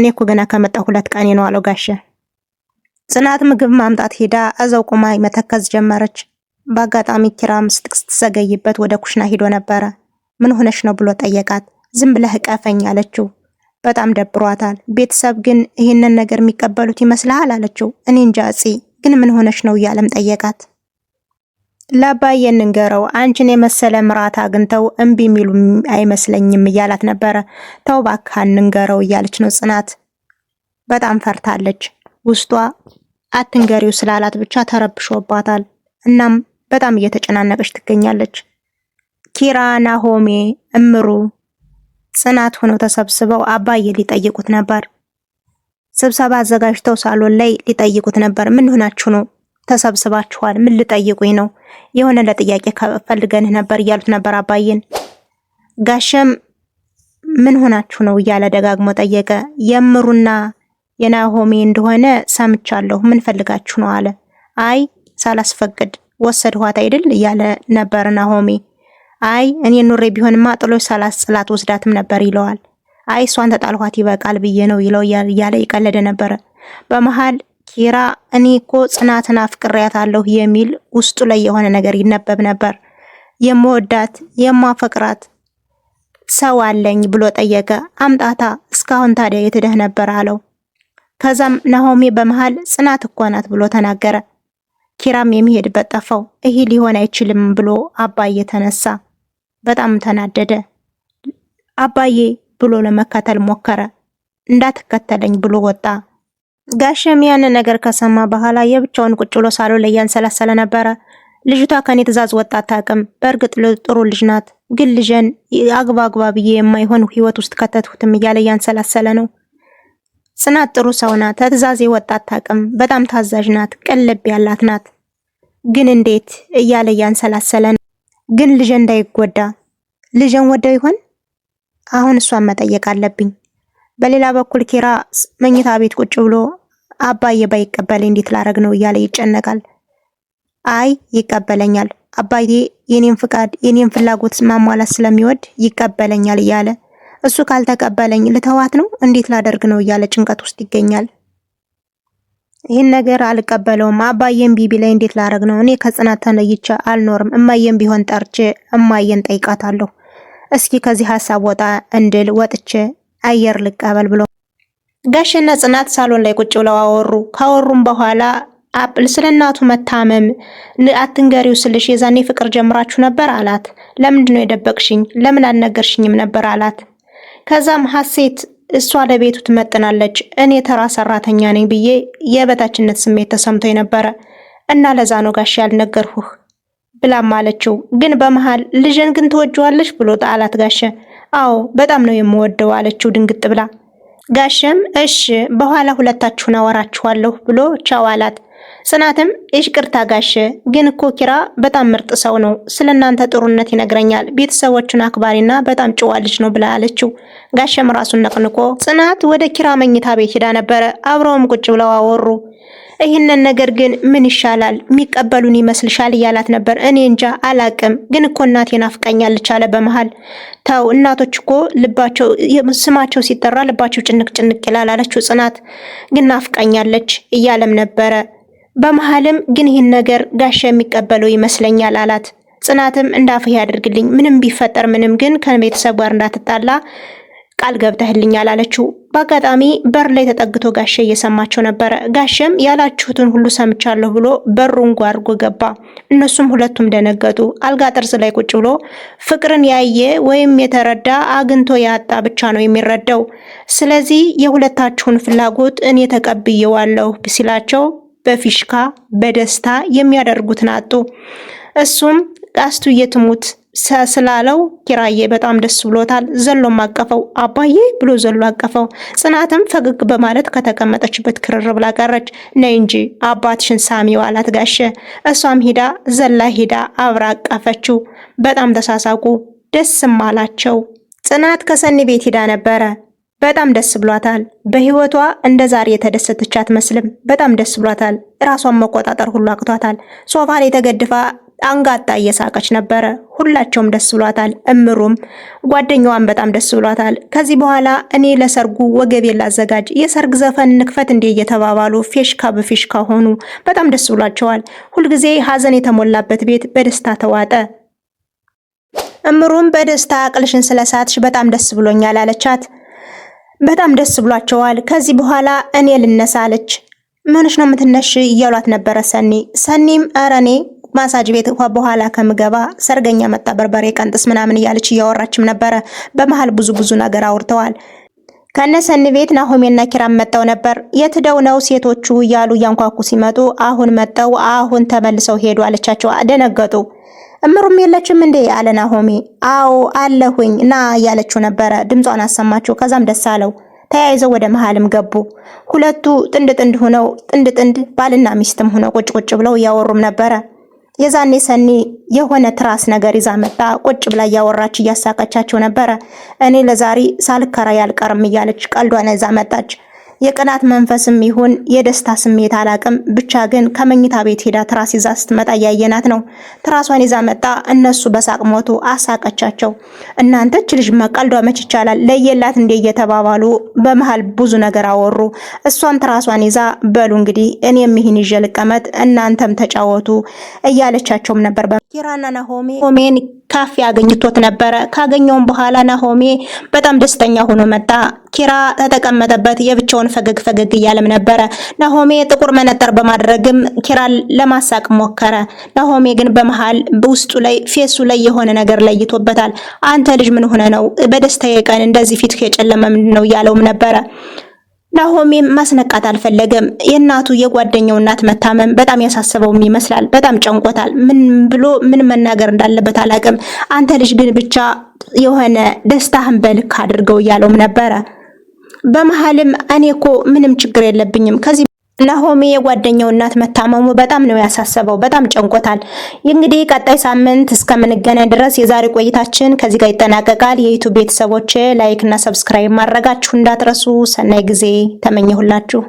እኔ እኮ ገና ከመጣ ሁለት ቀኔ ነው አለው ጋሸ። ጽናት ምግብ ማምጣት ሄዳ እዛው ቁማ መተከዝ ጀመረች። በአጋጣሚ ኪራም ስትዘገይበት ወደ ኩሽና ሂዶ ነበረ። ምን ሆነሽ ነው ብሎ ጠየቃት። ዝም ብለህ እቀፈኝ አለችው። በጣም ደብሯታል። ቤተሰብ ግን ይህንን ነገር የሚቀበሉት ይመስልሃል አለችው። እኔ እንጃ እፂ ግን ምን ሆነሽ ነው እያለም ጠየቃት። ለአባዬ እንንገረው አንቺን የመሰለ ምራት አግኝተው እምቢ የሚሉ አይመስለኝም እያላት ነበረ። ተው እባክህ እንንገረው እያለች ነው ጽናት። በጣም ፈርታለች። ውስጧ አትንገሪው ስላላት ብቻ ተረብሾባታል። እናም በጣም እየተጨናነቀች ትገኛለች። ኪራ፣ ናሆሜ፣ እምሩ፣ ጽናት ሆነው ተሰብስበው አባዬ ሊጠይቁት ነበር። ስብሰባ አዘጋጅተው ሳሎን ላይ ሊጠይቁት ነበር። ምን ሆናችሁ ነው ተሰብስባችኋል? ምን ልጠይቁኝ ነው? የሆነ ለጥያቄ ፈልገንህ ነበር እያሉት ነበር አባዬን። ጋሸም ምን ሆናችሁ ነው እያለ ደጋግሞ ጠየቀ። የምሩና የናሆሜ እንደሆነ ሰምቻለሁ። ምን ፈልጋችሁ ነው አለ። አይ ሳላስፈቅድ ወሰድኋት አይደል እያለ ነበር ናሆሚ። አይ እኔ ኑሬ ቢሆንማ ጥሎች ሳላስጽላት ወስዳትም ነበር ይለዋል። አይ እሷን ተጣልኋት ይበቃል ብዬ ነው ይለው እያለ የቀለደ ነበረ። በመሃል ኪራ እኔ እኮ ጽናትን አፍቅሬያታለሁ የሚል ውስጡ ላይ የሆነ ነገር ይነበብ ነበር። የምወዳት የማፈቅራት ሰው አለኝ ብሎ ጠየቀ። አምጣታ እስካሁን ታዲያ የትደህ ነበር አለው። ከዛም ናሆሜ በመሃል ጽናት እኮ ናት ብሎ ተናገረ። ኪራም የሚሄድበት ጠፋው። ይሄ ሊሆን አይችልም ብሎ አባዬ ተነሳ። በጣም ተናደደ። አባዬ ብሎ ለመከተል ሞከረ። እንዳትከተለኝ ብሎ ወጣ። ጋሸም ያንን ነገር ከሰማ በኋላ የብቻውን ቁጭ ብሎ ሳሎን ላይ ያንሰላሰለ ነበረ። ልጅቷ ከኔ ትእዛዝ ወጣ አታውቅም። በእርግጥ ጥሩ ልጅ ናት፣ ግን ልጅን አግባ አግባ ብዬ የማይሆን ህይወት ውስጥ ከተትሁትም እያለ ያንሰላሰለ ነው። ጽናት ጥሩ ሰው ናት፣ ከትእዛዜ ወጣ አታውቅም። በጣም ታዛዥ ናት፣ ቅን ልብ ያላት ናት። ግን እንዴት እያለ ያንሰላሰለ ነው። ግን ልጅ እንዳይጎዳ ልጅን ወደው ይሆን? አሁን እሷን መጠየቅ አለብኝ። በሌላ በኩል ኪራ መኝታ ቤት ቁጭ ብሎ አባዬ ባይቀበል እንዴት ላረግ ነው እያለ ይጨነቃል። አይ ይቀበለኛል፣ አባዬ የኔን ፍቃድ የኔን ፍላጎት ማሟላት ስለሚወድ ይቀበለኛል እያለ እሱ ካልተቀበለኝ ልተዋት ነው እንዴት ላደርግ ነው እያለ ጭንቀት ውስጥ ይገኛል። ይህን ነገር አልቀበለውም፣ አባዬን ቢቢ ላይ እንዴት ላረግ ነው እኔ ከጽናት ተነይቼ አልኖርም። እማዬን ቢሆን ጠርቼ እማዬን ጠይቃታለሁ። እስኪ ከዚህ ሀሳብ ወጣ እንድል ወጥቼ አየር ልቀበል ብሎ ጋሽና ጽናት ሳሎን ላይ ቁጭ ብለው አወሩ። ካወሩም በኋላ አፕል ስለ እናቱ መታመም አትንገሪው ስልሽ የዛኔ ፍቅር ጀምራችሁ ነበር አላት። ለምንድን ነው የደበቅሽኝ? ለምን አልነገርሽኝም ነበር አላት። ከዛም ሀሴት እሷ ለቤቱ ትመጥናለች፣ እኔ ተራ ሰራተኛ ነኝ ብዬ የበታችነት ስሜት ተሰምቶኝ ነበረ እና ለዛ ነው ጋሽ ያልነገርሁህ ብላም አለችው። ግን በመሃል ልጅን ግን ትወጅዋለች ብሎ አላት ጋሼ። አዎ በጣም ነው የምወደው አለችው ድንግጥ ብላ። ጋሸም እሺ በኋላ ሁለታችሁን አወራችኋለሁ ብሎ ቻው አላት። ጽናትም ይቅርታ ጋሽ ግን እኮ ኪራ በጣም ምርጥ ሰው ነው፣ ስለ እናንተ ጥሩነት ይነግረኛል፣ ቤተሰቦቹን አክባሪና በጣም ጨዋ ልጅ ነው ብላ አለችው። ጋሸም ራሱን ነቅንቆ ጽናት ወደ ኪራ መኝታ ቤት ሄዳ ነበረ። አብረውም ቁጭ ብለው አወሩ። ይህንን ነገር ግን ምን ይሻላል የሚቀበሉን ይመስልሻል እያላት ነበር። እኔ እንጃ አላቅም፣ ግን እኮ እናቴ ናፍቃኛለች አለ በመሀል። ተው እናቶች እኮ ልባቸው ስማቸው ሲጠራ ልባቸው ጭንቅ ጭንቅ ይላል አለችው ጽናት። ግን ናፍቃኛለች እያለም ነበረ። በመሃልም ግን ይህን ነገር ጋሻ የሚቀበለው ይመስለኛል አላት። ጽናትም እንዳፍህ ያደርግልኝ ምንም ቢፈጠር ምንም፣ ግን ከቤተሰብ ጋር እንዳትጣላ ቃል ገብተህልኛል አለችው። በአጋጣሚ በር ላይ ተጠግቶ ጋሼ እየሰማቸው ነበረ። ጋሼም ያላችሁትን ሁሉ ሰምቻለሁ ብሎ በሩን ጓርጎ ገባ። እነሱም ሁለቱም ደነገጡ። አልጋ ጥርስ ላይ ቁጭ ብሎ ፍቅርን ያየ ወይም የተረዳ አግኝቶ ያጣ ብቻ ነው የሚረዳው። ስለዚህ የሁለታችሁን ፍላጎት እኔ ተቀብየዋለሁ ሲላቸው በፊሽካ በደስታ የሚያደርጉትን አጡ። እሱም ቀስቱ የትሙት ስላለው ኪራዬ በጣም ደስ ብሎታል። ዘሎም አቀፈው አባዬ ብሎ ዘሎ አቀፈው። ጽናትም ፈገግ በማለት ከተቀመጠችበት ክርር ብላ ቀረች። ነይ እንጂ አባትሽን ሳሚው አላት ጋሸ። እሷም ሂዳ ዘላ ሂዳ አብራ አቀፈችው። በጣም ተሳሳቁ፣ ደስም አላቸው። ጽናት ከሰኒ ቤት ሂዳ ነበረ። በጣም ደስ ብሏታል። በህይወቷ እንደ ዛሬ የተደሰተች አትመስልም። በጣም ደስ ብሏታል። ራሷን መቆጣጠር ሁሉ አቅቷታል። ሶፋ ላይ ተገድፋ አንጋጣ እየሳቀች ነበረ። ሁላቸውም ደስ ብሏታል። እምሩም ጓደኛዋን በጣም ደስ ብሏታል። ከዚህ በኋላ እኔ ለሰርጉ ወገቤ ላዘጋጅ፣ የሰርግ ዘፈን ንክፈት እንዴ እየተባባሉ ፌሽካ በፌሽካ ሆኑ። በጣም ደስ ብሏቸዋል። ሁልጊዜ ሀዘን የተሞላበት ቤት በደስታ ተዋጠ። እምሩም በደስታ አቅልሽን ስለሳትሽ በጣም ደስ ብሎኛል አለቻት። በጣም ደስ ብሏቸዋል። ከዚህ በኋላ እኔ ልነሳ አለች። ምንሽ ነው የምትነሽ እያሏት ነበረ ሰኒ ሰኒም ኧረ እኔ ማሳጅ ቤት እንኳ በኋላ ከምገባ ሰርገኛ መጣ በርበሬ ቀንጥስ ምናምን እያለች እያወራችም ነበረ። በመሀል ብዙ ብዙ ነገር አውርተዋል። ከነሰን ቤት ናሆሜና ኪራም መጠው ነበር። የት ደው ነው ሴቶቹ እያሉ እያንኳኩ ሲመጡ አሁን መጠው አሁን ተመልሰው ሄዱ አለቻቸው። አደነገጡ። እምሩም የለችም እንዴ አለ ናሆሜ። አዎ አለሁኝ ና እያለችው ነበረ። ድምጿን አሰማችው። ከዛም ደስ አለው። ተያይዘው ወደ መሃልም ገቡ። ሁለቱ ጥንድ ጥንድ ሆነው ጥንድ ጥንድ ባልና ሚስትም ሆነው ቁጭ ቁጭ ብለው እያወሩም ነበረ። የዛኔ ሰኒ የሆነ ትራስ ነገር ይዛ መጣ። ቁጭ ብላ እያወራች እያሳቀቻቸው ነበረ። እኔ ለዛሬ ሳልከራ ያልቀርም እያለች ቀልዷን ይዛ መጣች። የቅናት መንፈስም ይሁን የደስታ ስሜት አላቅም፣ ብቻ ግን ከመኝታ ቤት ሄዳ ትራስ ይዛ ስትመጣ እያየናት ነው። ትራሷን ይዛ መጣ። እነሱ በሳቅ ሞቱ፣ አሳቀቻቸው። እናንተች ልጅ መቀልዷ መች ይቻላል ለየላት እንዴ እየተባባሉ በመሀል ብዙ ነገር አወሩ። እሷም ትራሷን ይዛ በሉ እንግዲህ እኔም ይህን ይዤ ልቀመጥ እናንተም ተጫወቱ እያለቻቸውም ነበር ኪራና ናሆሜ ካፌ አገኝቶት ነበረ። ካገኘውም በኋላ ናሆሜ በጣም ደስተኛ ሆኖ መጣ። ኪራ ተቀመጠበት የብቻውን ፈገግ ፈገግ እያለም ነበረ። ናሆሜ ጥቁር መነጠር በማድረግም ኪራን ለማሳቅ ሞከረ። ናሆሜ ግን በመሃል በውስጡ ላይ ፌሱ ላይ የሆነ ነገር ለይቶበታል። አንተ ልጅ ምን ሆነ ነው በደስታዬ ቀን እንደዚህ ፊት የጨለመ ምንድን ነው እያለውም ነበረ ናሆሜም ማስነቃት አልፈለገም። የእናቱ የጓደኛው እናት መታመም በጣም ያሳሰበው ይመስላል። በጣም ጨንቆታል። ምን ብሎ ምን መናገር እንዳለበት አላቅም። አንተ ልጅ ግን ብቻ የሆነ ደስታህን በልክ አድርገው እያለውም ነበረ። በመሀልም እኔ እኮ ምንም ችግር የለብኝም ከዚህ ናሆሚ የጓደኛው እናት መታመሙ በጣም ነው ያሳሰበው። በጣም ጨንቆታል። እንግዲህ ቀጣይ ሳምንት እስከምንገናኝ ድረስ የዛሬ ቆይታችን ከዚህ ጋር ይጠናቀቃል። የዩቱብ ቤተሰቦች ላይክ እና ሰብስክራይብ ማድረጋችሁ እንዳትረሱ። ሰናይ ጊዜ ተመኘሁላችሁ።